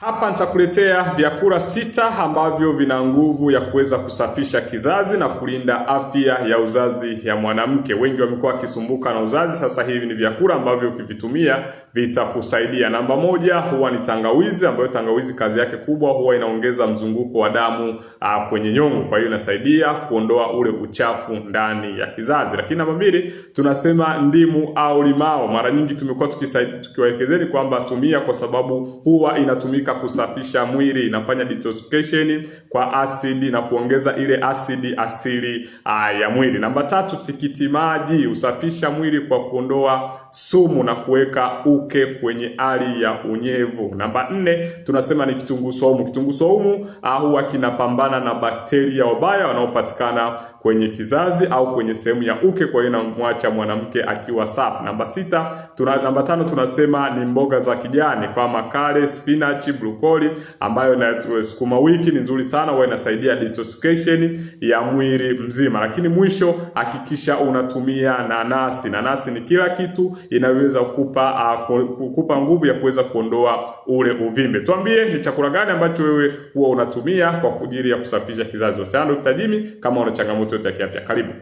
Hapa nitakuletea vyakula sita ambavyo vina nguvu ya kuweza kusafisha kizazi na kulinda afya ya uzazi ya mwanamke. Wengi wamekuwa wakisumbuka na uzazi, sasa hivi ni vyakula ambavyo ukivitumia vitakusaidia. Namba moja huwa ni tangawizi, ambayo tangawizi kazi yake kubwa huwa inaongeza mzunguko wa damu a, ah, kwenye nyongo, kwa hiyo inasaidia kuondoa ule uchafu ndani ya kizazi. Lakini namba mbili tunasema ndimu au limao. Mara nyingi tumekuwa tukiwaelekezeni kwamba tumia, kwa sababu huwa inatumika katika kusafisha mwili, inafanya detoxification kwa asidi na kuongeza ile asidi asili aa, ah, ya mwili. Namba tatu, tikiti maji husafisha mwili kwa kuondoa sumu na kuweka uke kwenye hali ya unyevu. Namba nne, tunasema ni kitunguu saumu. Kitunguu saumu ah, huwa kinapambana na bakteria wabaya wanaopatikana kwenye kizazi au kwenye sehemu ya uke, kwa hiyo inamwacha mwanamke akiwa safi. Namba sita, tuna, namba tano tunasema ni mboga za kijani kama kale, spinach, glukoli ambayo na sukuma wiki ni nzuri sana, huwa inasaidia detoxification ya mwili mzima. Lakini mwisho, hakikisha unatumia nanasi. Nanasi ni kila kitu, inaweza kukupa uh, kukupa nguvu ya kuweza kuondoa ule uvimbe. Tuambie ni chakula gani ambacho wewe huwa unatumia kwa ajili ya kusafisha kizazi. Wasiliana na Dr. Jimmy kama una changamoto yote ya kiafya. Karibu.